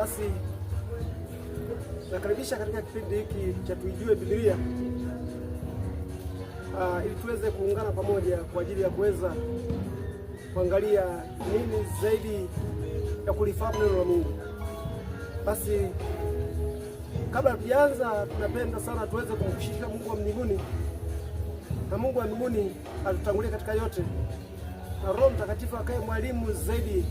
Basi nakaribisha katika kipindi hiki cha Tuijue Biblia uh, ili tuweze kuungana pamoja kwa ajili ya kuweza kuangalia nini zaidi ya kulifahamu neno la Mungu. Basi kabla tujaanza, tunapenda sana tuweze kumshirikisha Mungu wa mbinguni, na Mungu wa mbinguni atutangulie katika yote, na Roho Mtakatifu akae mwalimu zaidi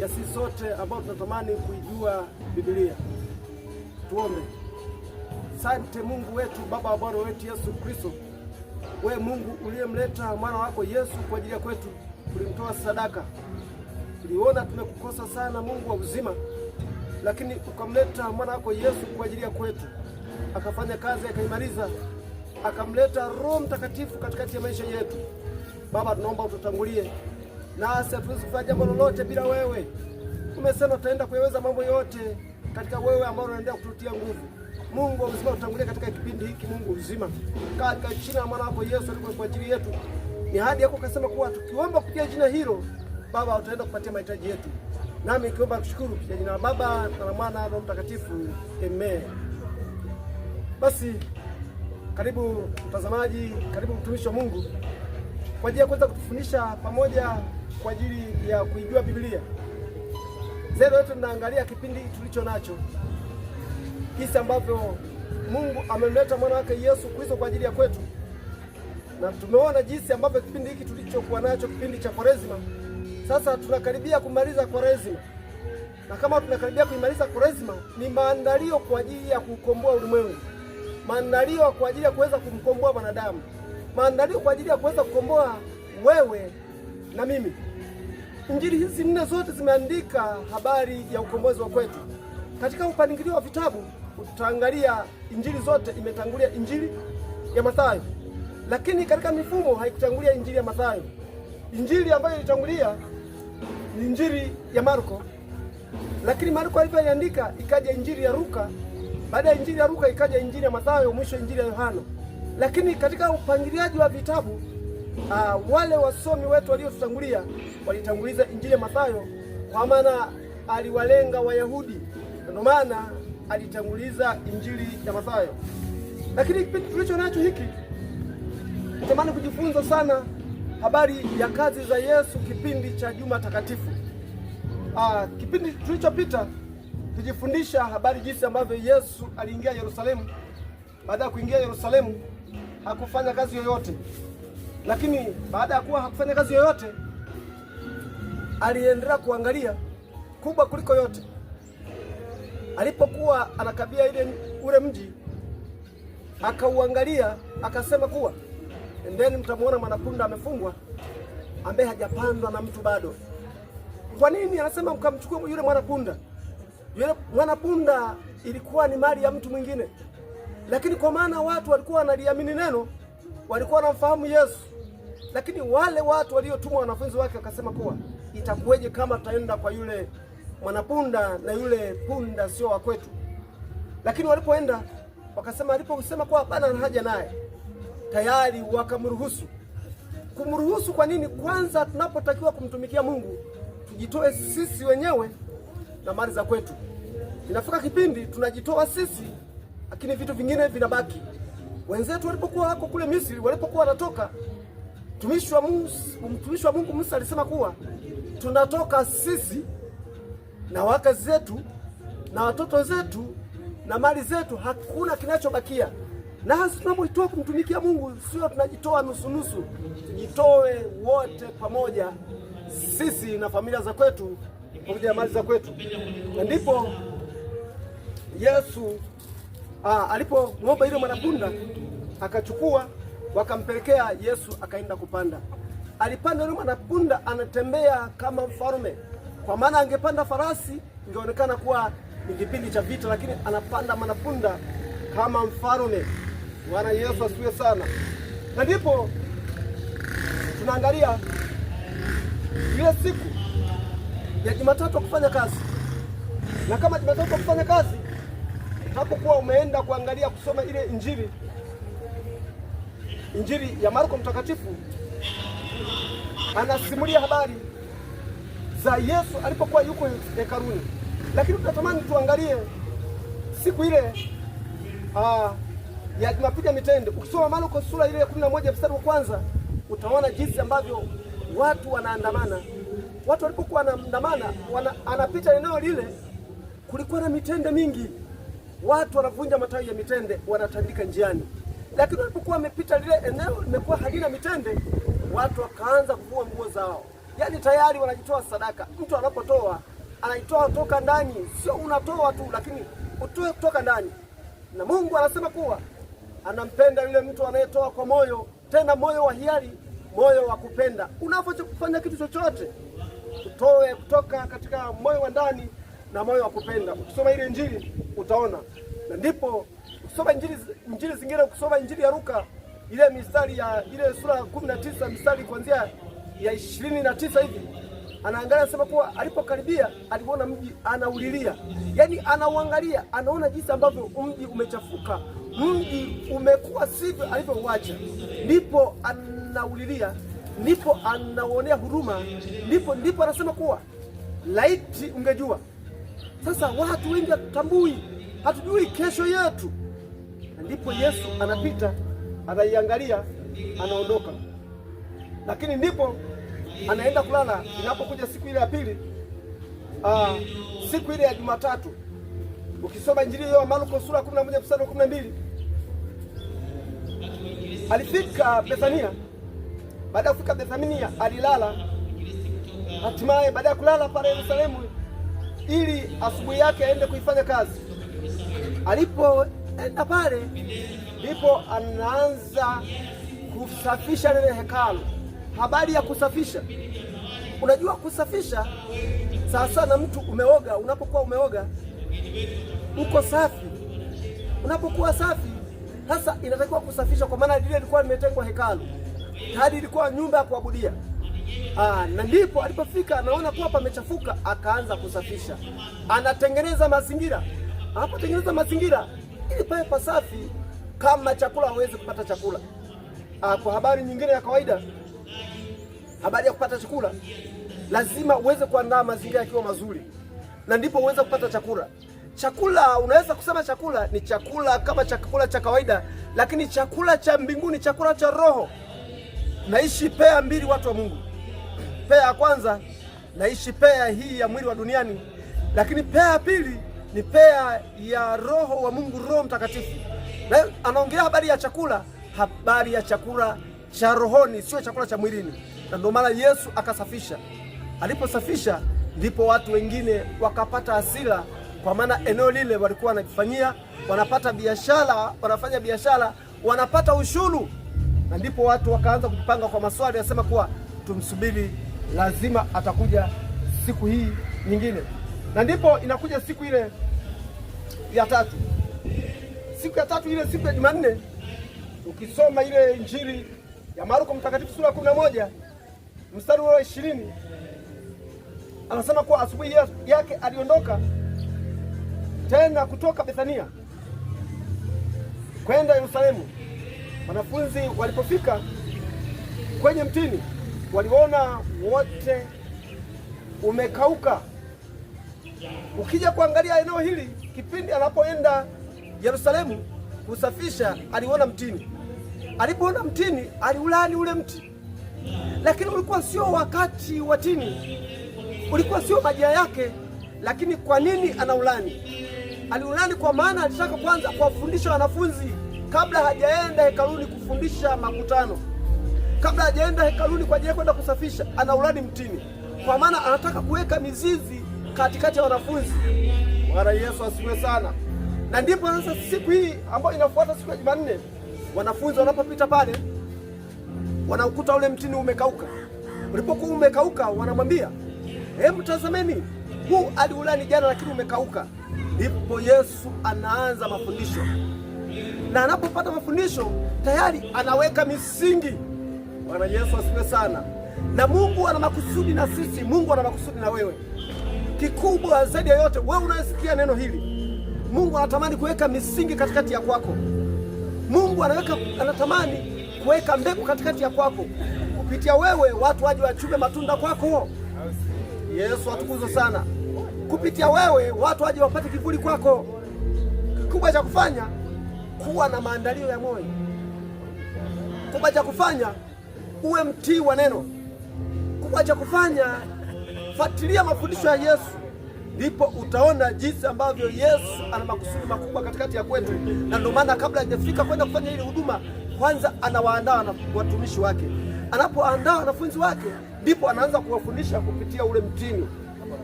ya sisi sote ambao tunatamani kuijua Biblia. Tuombe. Sante Mungu wetu, Baba wa Bwana wetu Yesu Kristo, we Mungu uliyemleta mwana wako Yesu kwa ajili ya kwetu, ulimtoa sadaka. Tuliona tumekukosa sana, Mungu wa uzima, lakini ukamleta mwana wako Yesu kwa ajili ya kwetu, akafanya kazi, akaimaliza, akamleta Roho Mtakatifu katikati ya maisha yetu. Baba, tunaomba ututangulie nasi hatuwezi kufanya jambo lolote bila wewe. Umesema tutaenda kuyaweza mambo yote katika wewe ambao unaendelea kututia nguvu. Mungu wa uzima, utangulia katika kipindi hiki, Mungu uzima, katika jina la mwana wako Yesu alikuwa kwa ajili yetu. Ni hadi yako, ukasema kuwa tukiomba kupitia jina hilo Baba utaenda kupatia mahitaji yetu, nami nikiomba kushukuru kupitia jina la Baba na la Mwana na Mtakatifu, amen. Basi karibu mtazamaji, karibu mtumishi wa Mungu kwa ajili ya kuweza kutufundisha pamoja kwa ajili ya kuijua Biblia. Leo yote tunaangalia kipindi tulicho nacho, jinsi ambavyo Mungu amemleta mwana wake Yesu Kristo kwa ajili ya kwetu, na tumeona jinsi ambavyo kipindi hiki tulichokuwa nacho, kipindi cha Kwaresima, sasa tunakaribia kumaliza Kwaresima, na kama tunakaribia kuimaliza Kwaresima, ni maandalio kwa ajili ya kukomboa ulimwengu, maandalio kwa ajili ya kuweza kumkomboa mwanadamu, maandalio kwa ajili ya kuweza kukomboa wewe na mimi. Injili hizi nne zote zimeandika habari ya ukombozi wa kwetu. Katika upangilio wa vitabu utaangalia injili zote, imetangulia injili ya Mathayo, lakini katika mifumo haikutangulia injili ya Mathayo. Injili ambayo ilitangulia ni injili ya Marko, lakini Marko alivyoiandika ikaja injili ya Luka, baada ya injili ya Luka ikaja injili ya Mathayo, mwisho injili ya Yohana. Lakini katika upangiliaji wa vitabu uh, wale wasomi wetu waliotutangulia walitanguliza injili ya Mathayo kwa maana aliwalenga Wayahudi, ndio maana alitanguliza injili ya Mathayo. Lakini kipindi tulicho nacho hiki, natamani kujifunza sana habari ya kazi za Yesu kipindi cha Juma Takatifu. Uh, kipindi tulichopita tujifundisha habari jinsi ambavyo Yesu aliingia Yerusalemu. Baada ya kuingia Yerusalemu hakufanya kazi yoyote lakini baada ya kuwa hakufanya kazi yoyote, aliendelea kuangalia. Kubwa kuliko yote, alipokuwa anakabia ile ule mji akauangalia, akasema kuwa endeni, mtamuona mwanapunda amefungwa, ambaye hajapandwa na mtu bado. Kwa nini anasema mkamchukua yule mwanapunda? Yule mwanapunda ilikuwa ni mali ya mtu mwingine, lakini kwa maana watu walikuwa wanaliamini neno, walikuwa wanamfahamu Yesu lakini wale watu waliotumwa wanafunzi wake wakasema kuwa itakuweje kama tutaenda kwa yule mwanapunda na yule punda sio wa kwetu. Lakini walipoenda wakasema, aliposema kuwa bana haja naye tayari wakamruhusu. Kumruhusu kwa nini? Kwanza, tunapotakiwa kumtumikia Mungu tujitoe sisi wenyewe na mali za kwetu. Inafika kipindi tunajitoa sisi, lakini vitu vingine vinabaki. Wenzetu walipokuwa hako kule Misri, walipokuwa wanatoka Mtumishi wa Mungu, mtumishi wa Mungu Musa alisema kuwa tunatoka sisi na wake zetu na watoto zetu na mali zetu, hakuna kinachobakia. Nasi tunapoitoa kumtumikia Mungu, sio tunajitoa nusunusu, jitoe wote pamoja, sisi na familia za kwetu pamoja na mali za kwetu. Ndipo Yesu alipomwomba ile mwanapunda akachukua wakampelekea Yesu, akaenda kupanda. Alipanda yule mwanapunda anatembea kama mfalme, kwa maana angepanda farasi ingeonekana kuwa ni kipindi cha vita, lakini anapanda mwanapunda kama mfalme. Bwana Yesu asifiwe sana. Na ndipo tunaangalia ile siku ya Jumatatu kufanya kazi, na kama Jumatatu kufanya kazi hapo kuwa umeenda kuangalia kusoma ile Injili Injili ya Marko Mtakatifu anasimulia habari za Yesu alipokuwa yuko hekaluni, lakini tunatamani tuangalie siku ile aa, ah, ya Jumapili ya Mitende. Ukisoma Marko sura ile ya kumi na moja mstari wa kwanza utaona jinsi ambavyo watu wanaandamana. Watu walipokuwa wanaandamana wana, anapita eneo lile, kulikuwa na mitende mingi, watu wanavunja matawi ya mitende wanatandika njiani. Lakini walipokuwa wamepita lile eneo limekuwa halina mitende, watu wakaanza kuvua nguo zao, yaani tayari wanajitoa sadaka. Mtu anapotoa anaitoa toka ndani, sio unatoa tu, lakini utoe kutoka ndani, na Mungu anasema kuwa anampenda yule mtu anayetoa kwa moyo, tena moyo wa hiari, moyo wa kupenda. Unapofanya kitu chochote utoe kutoka katika moyo wa ndani na moyo wa kupenda. Ukisoma ile Injili utaona, na ndipo kusoma injili injili zingine, kusoma injili ya Luka ile mistari ya ile sura ya kumi na tisa mistari kuanzia ya ishirini na tisa hivi anaangalia anasema kuwa alipokaribia aliona mji anaulilia, yaani anauangalia, anaona jinsi ambavyo mji umechafuka, mji umekuwa sivyo alivyouacha, ndipo anaulilia, ndipo anauonea huruma, ndipo ndipo anasema kuwa laiti ungejua. Sasa watu wengi hatutambui, hatujui kesho yetu, ndipo Yesu anapita, anaiangalia, anaondoka. Lakini ndipo anaenda kulala. Inapokuja siku ile ya pili, aa, ah, siku ile ya Jumatatu, ukisoma injili ya Marko sura 11 mstari wa 12, alifika Bethania. Baada ya kufika Bethania alilala. Hatimaye baada ya kulala pale Yerusalemu, ili asubuhi yake aende kuifanya kazi alipo anaenda pale, ndipo anaanza kusafisha lile hekalu. Habari ya kusafisha, unajua kusafisha sasa, na mtu umeoga, unapokuwa umeoga uko safi, unapokuwa safi sasa inatakiwa kusafisha, kwa maana lile lilikuwa limetengwa hekalu tayari, ilikuwa nyumba ya kuabudia. Ah, na ndipo alipofika anaona kuwa pamechafuka, akaanza kusafisha, anatengeneza mazingira. Anapotengeneza mazingira ili pawe pasafi, kama chakula hawezi kupata chakula. Aa, ah, kwa habari nyingine ya kawaida, habari ya kupata chakula, lazima uweze kuandaa mazingira yakiwa mazuri, na ndipo uweze kupata chakula. Chakula unaweza kusema chakula ni chakula kama chakula cha kawaida, lakini chakula cha mbinguni, chakula cha roho. Naishi pea mbili, watu wa Mungu. Pea ya kwanza naishi pea hii ya mwili wa duniani, lakini pea ya pili ni pea ya roho wa Mungu, Roho Mtakatifu. Na anaongelea habari ya chakula, habari ya chakula cha rohoni, sio chakula cha mwilini, na ndio maana Yesu akasafisha. Aliposafisha ndipo watu wengine wakapata hasira, kwa maana eneo lile walikuwa wanajifanyia, wanapata biashara, wanafanya biashara, wanapata ushuru, na ndipo watu wakaanza kujipanga kwa maswali, yasema kuwa tumsubiri, lazima atakuja siku hii nyingine na ndipo inakuja siku ile ya tatu, siku ya tatu ile, siku ya Jumanne, ukisoma ile Injili ya Marko Mtakatifu sura ya kumi na moja mstari wa ishirini anasema kuwa asubuhi yake aliondoka tena kutoka Bethania kwenda Yerusalemu. Wanafunzi walipofika kwenye mtini, waliona wote umekauka Ukija kuangalia eneo hili, kipindi anapoenda Yerusalemu kusafisha, aliona mtini. Alipoona mtini, aliulani ule mti, lakini ulikuwa sio wakati wa tini, ulikuwa sio majia yake. Lakini kwa nini anaulani? Aliulani kwa maana alitaka kwanza kuwafundisha wanafunzi kabla hajaenda hekaluni kufundisha makutano, kabla hajaenda hekaluni kwa ajili ya kwenda kusafisha, anaulani mtini, kwa maana anataka kuweka mizizi katikati ya wanafunzi. Bwana Yesu asifiwe sana. Na ndipo sasa siku hii ambayo inafuata siku ya Jumanne, wanafunzi wanapopita pale wanaukuta ule mtini umekauka. Ulipokuwa umekauka, wanamwambia hebu tazameni, huu aliulani jana, lakini umekauka. Ndipo Yesu anaanza mafundisho, na anapopata mafundisho tayari anaweka misingi. Bwana Yesu asifiwe sana. Na Mungu ana makusudi na sisi, Mungu ana makusudi na wewe. Kikubwa zaidi ya yote, wewe unasikia neno hili, Mungu anatamani kuweka misingi katikati ya kwako. Mungu anaweka, anatamani kuweka mbegu katikati ya kwako, kupitia wewe watu waje wachume matunda kwako. Yesu atukuzwe sana. Kupitia wewe watu waje wapate kivuli kwako. Kikubwa cha kufanya kuwa na maandalio ya moyo. Kikubwa cha kufanya uwe mtii wa neno. Kikubwa cha kufanya Fuatilia mafundisho ya Yesu ndipo utaona jinsi ambavyo Yesu ana makusudi makubwa katikati ya kwetu, na ndio maana kabla hajafika kwenda kufanya ile huduma, kwanza anawaandaa watumishi wake. Anapoandaa wanafunzi wake, ndipo anaanza kuwafundisha kupitia ule mtini.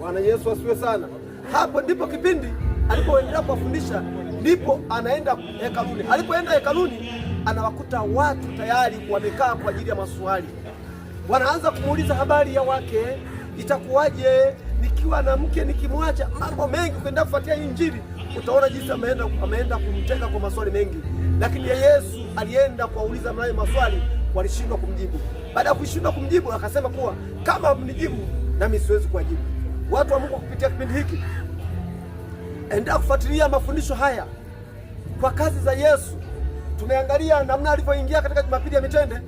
Bwana Yesu asiwe sana. Hapo ndipo kipindi alipoendelea kuwafundisha, ndipo anaenda hekaluni. Alipoenda hekaluni, anawakuta watu tayari wamekaa kwa ajili ya maswali, wanaanza kumuuliza habari ya wake itakuwaje nikiwa na mke nikimwacha? Mambo mengi, ukienda kufuatia Injili utaona jinsi ameenda ameenda kumtenga kwa maswali mengi, lakini ya Yesu alienda kuwauliza mlaye maswali, walishindwa kumjibu. Baada ya kushindwa kumjibu, akasema kuwa kama mnijibu, nami siwezi kuwajibu. Watu wa Mungu, kupitia kipindi hiki, endelea kufuatilia mafundisho haya kwa kazi za Yesu. Tumeangalia namna alivyoingia katika Jumapili ya Mitende,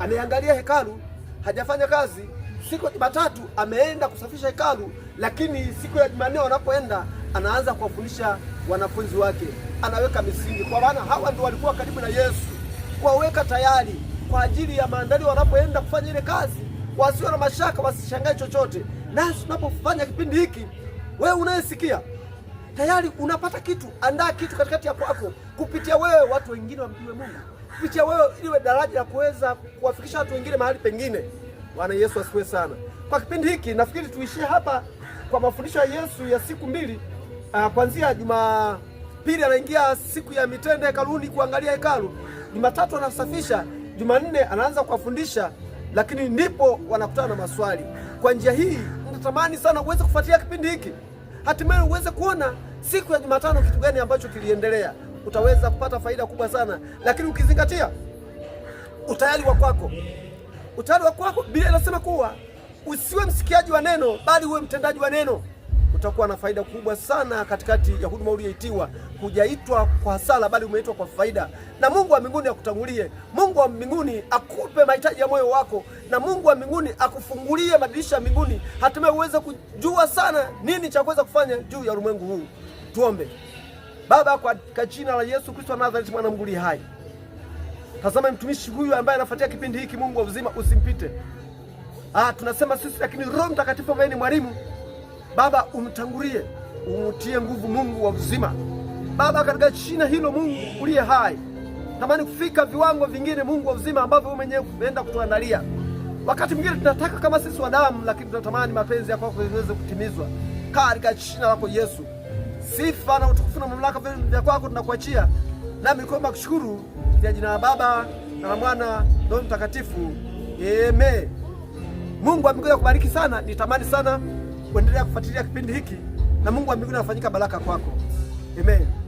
ameangalia hekalu, hajafanya kazi siku ya Jumatatu ameenda kusafisha hekalu, lakini siku ya Jumanne wanapoenda anaanza kuwafundisha wanafunzi wake, anaweka misingi, kwa maana hawa ndio walikuwa karibu na Yesu, kuwaweka tayari kwa ajili ya maandalio wanapoenda kufanya ile kazi, wasiwe na mashaka, wasishangae chochote. Nasi tunapofanya kipindi hiki, wewe unayesikia tayari unapata kitu. Andaa kitu katikati ya kwako, kupitia wewe watu wengine wamjue Mungu, kupitia wewe iwe daraja la kuweza kuwafikisha watu wengine mahali pengine. Bwana Yesu asifiwe sana. Kwa kipindi hiki nafikiri tuishie hapa kwa mafundisho ya Yesu ya siku mbili, uh, kuanzia Jumapili anaingia siku ya mitende hekaluni kuangalia hekalu, Jumatatu anasafisha, Jumanne anaanza kuwafundisha, lakini ndipo wanakutana na maswali. Kwa njia hii natamani sana uweze kufuatilia kipindi hiki, hatimaye uweze kuona siku ya Jumatano kitu gani ambacho kiliendelea. Utaweza kupata faida kubwa sana, lakini ukizingatia utayari wa kwako Utawala wa kwako, Biblia inasema kuwa usiwe msikiaji wa neno, bali uwe mtendaji wa neno. Utakuwa na faida kubwa sana katikati ya huduma uliyoitiwa. Hujaitwa kwa hasara, bali umeitwa kwa faida, na Mungu wa mbinguni akutangulie. Mungu wa mbinguni akupe mahitaji ya moyo wako, na Mungu wa mbinguni akufungulie madirisha ya mbinguni, hatimaye uweze kujua sana nini cha kuweza kufanya juu ya ulimwengu huu. Tuombe. Baba, kwa jina la Yesu Kristo wa Nazareti, mwana mguli hai Tazama mtumishi huyu ambaye anafuatia kipindi hiki, Mungu wa uzima usimpite. Ah, tunasema sisi lakini Roho Mtakatifu ambaye ni mwalimu, Baba umtangulie, umutie nguvu, Mungu wa uzima. Baba, katika jina hilo Mungu uliye hai, tamani kufika viwango vingine, Mungu wa uzima, ambavyo wewe mwenyewe umeenda kutuandalia. Wakati mwingine tunataka kama sisi wanadamu, lakini tunatamani mapenzi yako kwako yaweze kutimizwa katika jina lako Yesu. Sifa na utukufu na mamlaka vya kwako tunakuachia Nami nikuomba kushukuru kwa jina la Baba na la Mwana na Mtakatifu. Amen. Mungu wa mbinguni akubariki sana. Nitamani sana kuendelea kufuatilia kipindi hiki, na Mungu wa mbinguni afanyika baraka kwako. Amen.